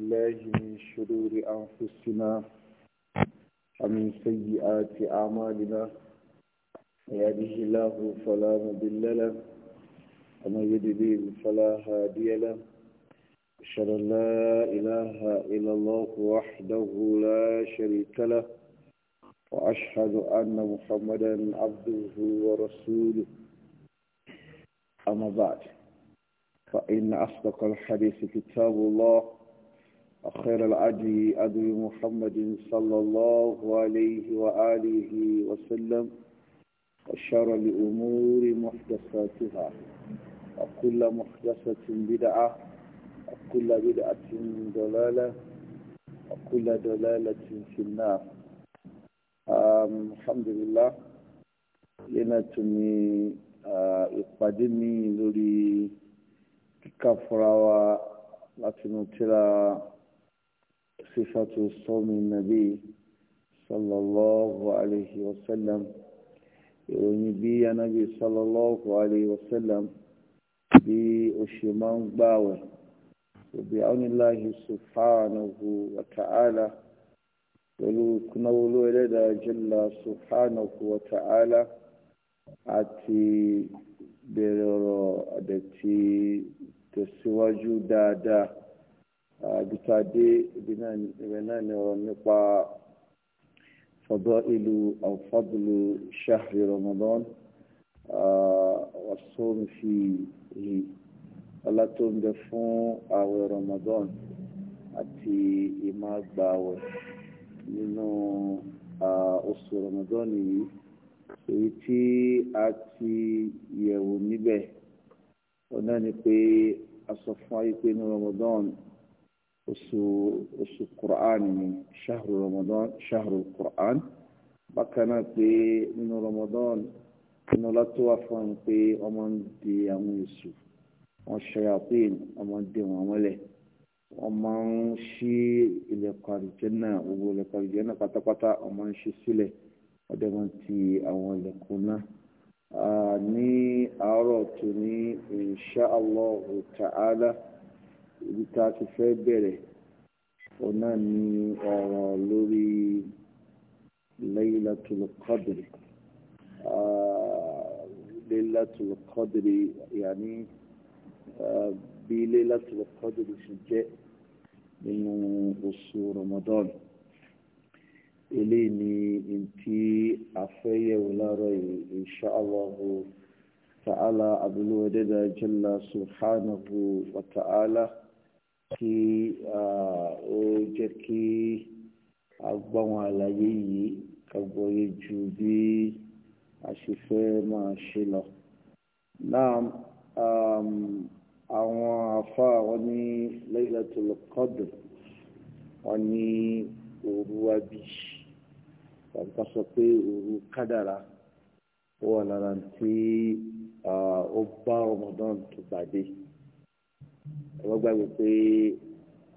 بالله من شرور أنفسنا ومن سيئات أعمالنا يهده الله فلا مضل له ومن يضلل فلا هادي له أشهد أن لا إله إلا الله وحده لا شريك له وأشهد أن محمدا عبده ورسوله أما بعد فإن أصدق الحديث كتاب الله وخير الأجي أبي محمد صلى الله عليه وآله وسلم وشر الأمور محدثاتها وكل محدثة بدعة وكل بدعة دلالة وكل دلالة في النار الحمد لله لنتمي آه، ìpàdé mi lórí kíkà fúnra صفات صوم النبي صلى الله عليه وسلم ونبي النبي صلى الله عليه وسلم بي أشيمان باوة وبعون الله سبحانه وتعالى ولكنولو إلى جل سبحانه وتعالى àti bẹ̀rẹ̀ ọ̀rọ̀ àdẹ̀tí tẹ̀síwájú àbítadé ibi náà ni ọ̀rọ̀ nípa fadailu aw fadlu shahri Ramadan wasom fi yìí ọlá tó ń bẹ fún àwẹ̀ Ramadan àti ìmàgbàwẹ̀ nínú oṣù Ramadan yìí èyí tí a ti yẹ̀wò níbẹ̀ ọ̀nà ni pé a sọ fún ayé pé ní Ramadan. osu oṣù quran ni ṣahru ramadan ṣahru quran na náà pé nínú ramadan nínú látó wà fún ọmọ di àwọn èṣù wọn ọmọ di wọn mọ́lẹ̀ wọn máa ń ṣí ilẹ̀kùn àlùjànnà gbogbo ilẹ̀kùn àlùjànnà pátápátá wọn máa ń ṣí sílẹ̀ ọdẹ wọn ti àwọn ilẹ̀kùn náà Allah ibi tá a ti fẹ́ bẹ̀rẹ̀ òun náà ni ọ̀rọ̀ lórí Laylatul Qadr Laylatul Qadr yàní bí Laylatul Qadr ṣe jẹ́ nínú oṣù Ramadan eléyìí ni ntí afẹ́yẹ̀wò láàárọ̀ yìí insha abúlé wẹ́dẹ́dà jalla subhanahu wa kí ó jẹ́ kí a gbọ́ wọn àlàyé yìí ká gbọ́yé ju bí a ṣe fẹ́ máa ṣe lọ. náà àwọn afá wọn ní Laylatul Qadr wọn ní òru abí tàbí ká sọ pé òru kádàrá ó wà lára tí ó bá Ramadan tó bàdé ẹ̀wọ́n gbàgbé pé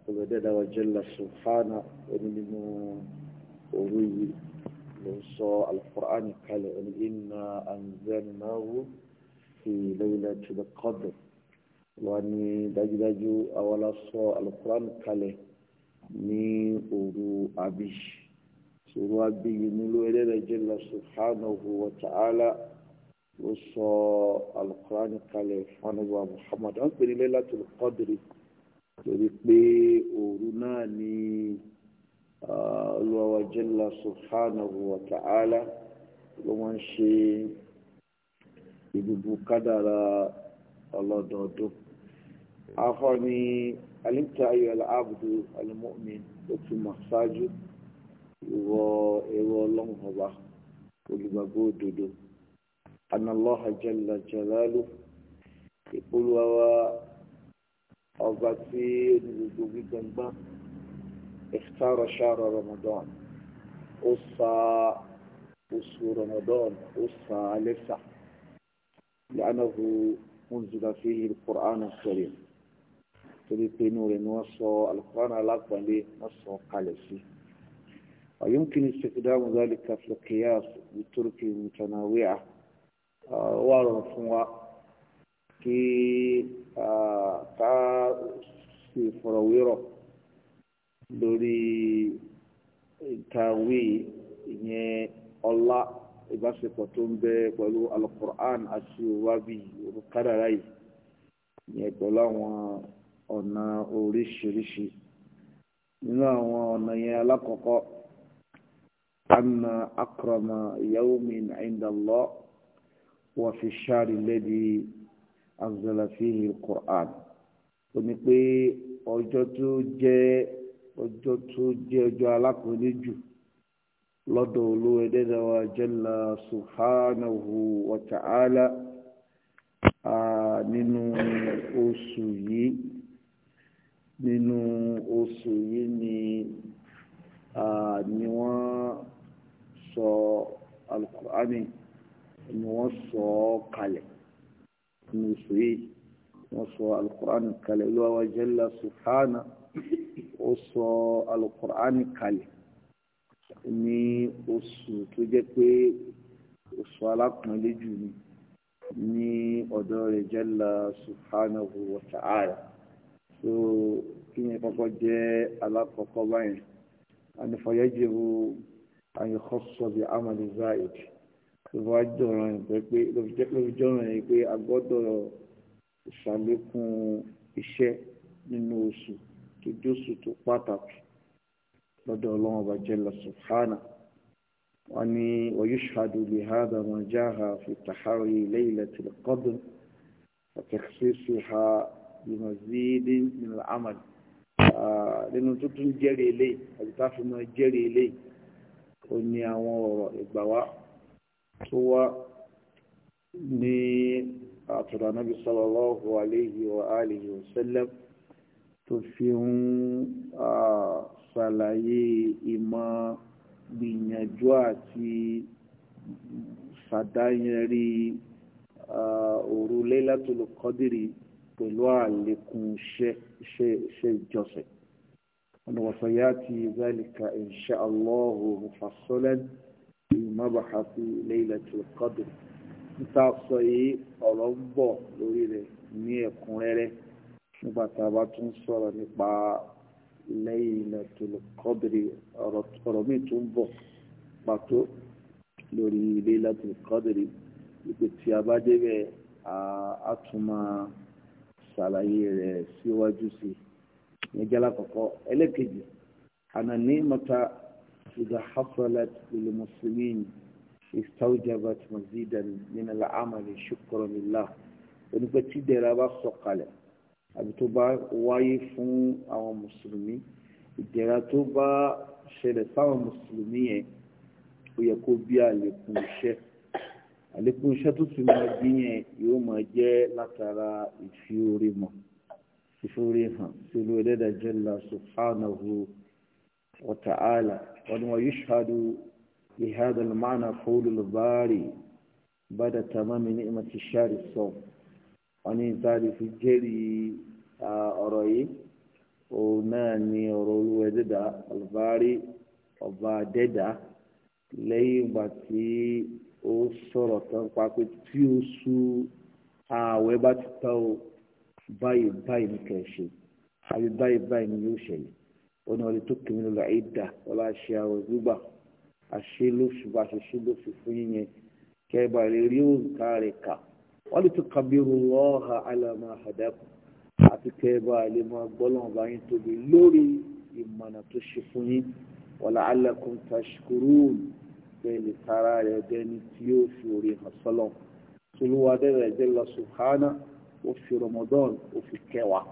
olùdẹ́dà wajalla subhana oní nínú òru yìí ló ń sọ alukur'an kalẹ̀ oní inna anzalnahu fi laylatil qadr wọ́n ní dájúdájú àwọn aláṣọ alukur'an kalẹ̀ ní òru abiy sòrò abiy nílò ẹlẹ́dàá jalla subhanahu wa ta'ala ó sọ alukurani kalẹ̀ fanuwa muhammad wọ́n pè ní lailatul qadri torí pé òru náà ni olùwàwà jalla subhanahu wa ta'ala ló wọ́n ń ṣe ìbùbù kádàrà ọlọ́dọọdún afọ́ni alimta ayo al'abdu alimumin ó túmọ̀ ṣáájú ìwọ ẹ̀rọ ọba olùgbàgbọ́ òdodo. أن الله جل جلاله يقول وهو أبطي لذوق جنبا اختار شهر رمضان أصى أصو رمضان أصى لسع لأنه أنزل فيه القرآن الكريم نور ونوصى القرآن على قبل نصى قلسي ويمكن استخدام ذلك في القياس بطرق متنوعة wà rọrùn fún wa kí ká sì fọ̀rọ̀wérọ̀ lórí ìtàwé ìyẹn ọlá ìbáṣepọ̀ tó ń bẹ pẹ̀lú alukur'an àti òwábí olùkádàrá yìí ìyẹn pẹ̀lú àwọn ọ̀nà oríṣiríṣi nínú àwọn ọ̀nà yẹn alákọ̀ọ́kọ́ anna akrama yawmin inda Allah وفي الشهر الذي أنزل فيه القرآن oni pé ọjọ́ tó jẹ́ ọjọ́ tó jẹ́ ọjọ́ alákùnrin jù lọ́dọ̀ olówó ẹ̀dẹ́dà wa jalla subhanahu wa nínú oṣù yìí nínú oṣù yìí ni ni wọ́n sọ alukur'ani. So, ni wọ́n sọ ọ́ kalẹ̀ ní oṣù yìí wọ́n sọ alukur'an kalẹ̀ olúwa wa jalla subhana ó sọ alukur'an kalẹ̀ ní oṣù tó jẹ́ pé oṣù alápọ̀nlé jù ni ní ọ̀dọ̀ rẹ̀ jalla subhanahu wa so kí ni kọ́kọ́ jẹ́ alákọ̀ọ́kọ́ báyìí ànífọ̀yẹ́jẹ̀ wo àyẹ̀kọ́ sọ bí amali zaid tó bá jọ̀rọ̀ ìpẹ́ pé ló fi jọ̀rọ̀ yẹn pé a gbọ́dọ̀ ìṣàlékún iṣẹ́ nínú oṣù tó jóṣù tó pàtàkì lọ́dọ̀ ọlọ́run ọba jalla subhana wọn ni wa yushhadu li hadha ma jaha fi tahari laylatil qadr wa takhsisuha bi mazidin min al-amal ah, nínú tuntun jẹ́rìí eléyìí àti táfi mọ́ jẹ́rìí eléyìí ó ní àwọn ọ̀rọ̀ ìgbà wa tó wá ní àtọ̀dọ̀ anábì sallallahu alayhi wa alihi wa sallam tó fi ń ṣàlàyé ìmọ̀ gbìyànjú àti ṣàdáyẹrí òru Laylatul Qadri pẹ̀lú àlékún iṣẹ́ ìjọsẹ̀. wọn wọ̀sọ̀ yá ti zálìkà inṣáàlọ́hù mufassalan المبحث ليلة القدر níta sọ yìí ọ̀rọ̀ ń bọ̀ lórí rẹ̀ ní ẹ̀kúnrẹ́rẹ́ nígbà tá a bá tún sọ̀rọ̀ nípa Laylatul Qadri ọ̀rọ̀ míì tún bọ̀ pàtó lórí Laylatul Qadri ipò tí a bá débẹ̀ a tún máa ṣàlàyé rẹ̀ síwájú sí i ní jálá kọ̀kọ́ ẹlẹ́kejì ànàní mọ́ta إذا حصلت للمسلمين استوجبت مزيدا من العمل شكرا لله onípe tí ìdẹ̀ra bá sọ̀kalẹ̀ àbí tó bá wáyé fún àwọn mùsùlùmí ìdẹ̀ra tó bá ṣẹlẹ̀ sáwọn mùsùlùmí yẹn ó yẹ kó bí àlékún iṣẹ́ àlékún iṣẹ́ tó sì máa bí yẹn yóò máa jẹ́ látara ìfi orí mọ̀ ìfi orí hàn sí olú ẹlẹ́dàá jalla subhanahu wa ta'ala. قد ويشهد لهذا المعنى قول الباري بعد تمام نعمة الشهر الصوم أني ذلك في جري أرأي وناني أرولو ددا الباري أبا ددا lẹ́yìn ìgbà tí ó sọ̀rọ̀ tán pa pé tí ó sú ààwẹ̀ bá ti ọ̀nà ọ̀rẹ́ tó kìí lọ́la ìdá ọ̀la ṣe àwọ̀ gbígbà àṣẹ lóṣù bá ṣe ṣe lóṣù fún yíyẹn kẹba lè rí òǹkà rẹ̀ kà wọ́n lè tún kàbírù lọ́ọ̀ha alàmà àdàkù àti kẹba lè máa gbọ́lọ́n bá yín tóbi lórí ìmọ̀nà tó ṣe fún yín wọ́n alákùn tàṣkúrú bẹ́ẹ̀ tara rẹ̀ dẹni tí yóò fi orí hàn sọ́lọ̀ tolúwa dẹ́rẹ̀ jẹ́ lọ sùhánà fi rọmọdọ́n ó fi kẹwàá.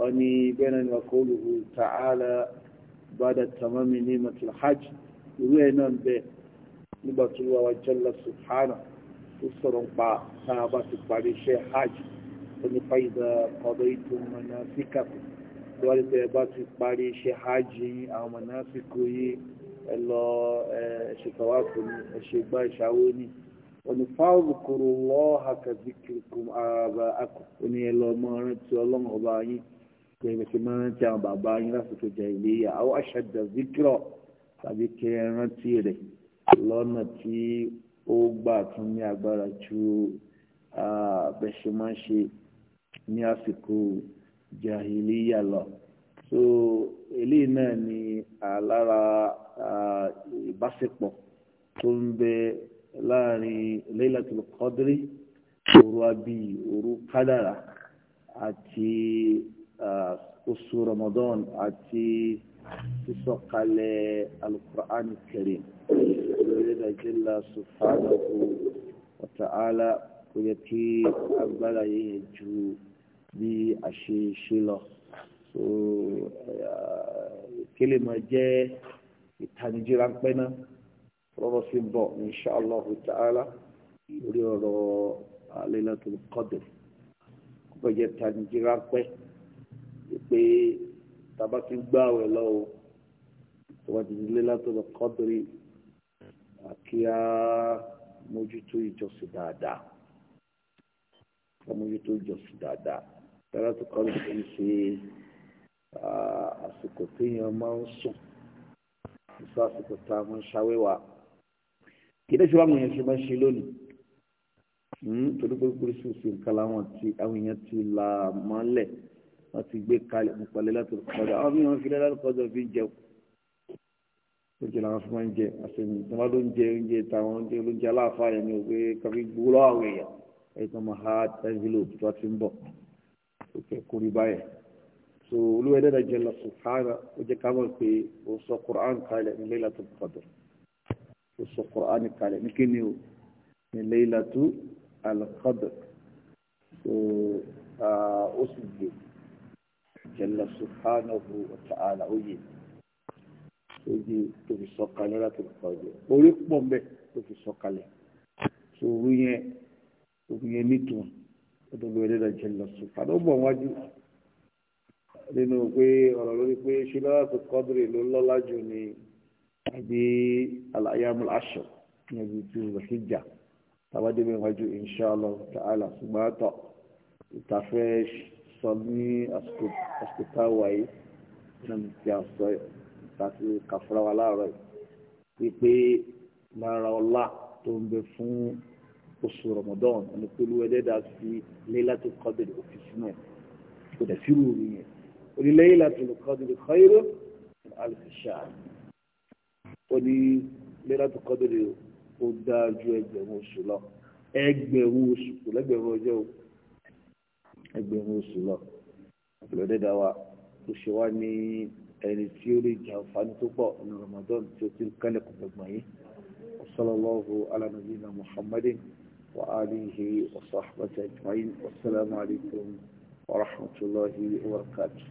أني بين وقوله تعالى بعد تمام نعمة الحج يوينا به نبات الله وجل سبحانه تسرم با تابات باريشي حج أني فإذا قضيتم مناسككم دوالي تابات باريشي حج أو مناسكه ẹlọ ẹṣẹtọwàkùn ẹṣẹgbà ìṣàwó ní ọ̀nà fáwọ̀kùrù lọ́ọ̀hà kàzíkìrìkùn àbá akùn ní ẹlọ ọmọ rántí ọlọ́run ọba yìí kẹrẹ ṣe máa ń rántí àwọn bàbá yín lásìkò jẹ ìléyà àwọn aṣáájú zikirọ tàbí kẹrẹ rántí rẹ̀ lọ́nà tí ó gbà tún ní agbára ju bẹ́ẹ̀ ṣe máa ń ṣe ní àsìkò jahiliya lọ so eléyìí náà ni lára ìbáṣepọ̀ tó ń bẹ láàrin Laylatul Qadri òru abí òru kádàrà àti oṣù Ramadan àti sísọ̀kalẹ̀ alukur'an karim lórí ìdájọ́lá subhanahu wa ta'ala kò yẹ kí agbára yẹn ju bí a ṣe ṣe lọ eh, kele ma jẹ́ ìtanijí ráńpẹ́ náà rọrọ sí ń bọ̀ inṣàlọ́hu ta'ala lórí ọ̀rọ̀ Lailatul Qadr kó bẹ jẹ́ ìtanijí ráńpẹ́ pé tàbá ti gbá àwẹ̀ lọ́wọ́ tó bá ti nílé látọ̀dọ̀ kọ́dírì kí á mójútó ìjọsìn dáadáa kí á mójútó ìjọsìn dáadáa tẹ́lá tó kọ́ lóṣù ń ṣe àsìkò téèyàn máa ń sùn ìṣó àsìkò tá a máa ń ṣàwẹ́wà kí lè ṣe wàá mọ̀yàn ṣe máa ń ṣe lónìí hmm, torí pé kúrìsì nǹkan làwọn èèyàn ti là mọ́lẹ̀ wọ́n ti gbé kalẹ̀ nípa lẹ́lẹ́tò kọjá àwọn mìíràn fi lẹ́lẹ́tò kọjá fi ń jẹun ó jẹ́ làwọn fún wọn ń jẹ àṣẹyìn tí wọ́n ló ń jẹ oúnjẹ táwọn oúnjẹ olóúnjẹ aláàfáà yẹn ni ò pé kàfi gbowó lọ́wọ́ àwọn èèyàn ẹ̀yìn tó máa ha envelope tó ti ń bọ̀ ó kẹ́ kó rí báyẹn so olúwa ẹ̀dẹ́dà jẹ́ lọ sùkánà ó jẹ́ ká mọ̀ pé ó sọ Qur'an kalẹ̀ ní lẹ́lẹ́tò kọjá ó sọ Qur'an kalẹ̀ ní kí o ní lẹ́lẹ́tò alqadr so ah, ó sì gbé jalla subhanahu wa ta'ala oyè oyè tó fi sọ̀kalẹ̀ láti ọ̀pọ̀ ọjọ́ orí pọ̀ mbẹ́ tó fi sọ̀kalẹ̀ tó orí yẹn orí yẹn nítumọ̀ ó tó lóore lọ jalla subhanahu bọ̀ wájú nínú pé ọ̀rọ̀ lórí pé ṣé lọ́wọ́ tó kọ́dúrì ló lọ́lá jù ní àbí al-ayyamul ní ibi tí ó fi jà tàbádé mi wájú insha Allah ta'ala àtọ̀ ìtafẹ́ ṣe sọ ní àsìkò táwa yìí náà mi ti àsọ láti kàfúrà wa láàárọ̀ yìí wípé lára ọlá tó ń bẹ fún oṣù Ramadan ẹni pẹ̀lú ẹlẹ́dàá sí Laylatul Qadr òfin sínú ẹ̀ kò dẹ̀ sí rúurú yẹn ó ní Laylatul Qadr khairun min alf shahr ó ní Laylatul Qadr ó dáa ju ẹgbẹ̀rún oṣù lọ ẹgbẹ̀rún oṣù kò lẹ́gbẹ̀rún ọjọ́ òkú ẹgbẹ̀rún oṣù lọ àpèlọ́dẹ́dà wa ó ṣe wá ní ẹni tí ó lè jẹ àǹfààní tó pọ̀ ní Ramadan tí ó ti kálẹ̀ kò gbẹ̀gbọ̀n yìí sallallahu ala nabiyina Muhammadin wa alihi wa sahbihi ajma'in wassalamu alaikum wa rahmatullahi wa barakatuh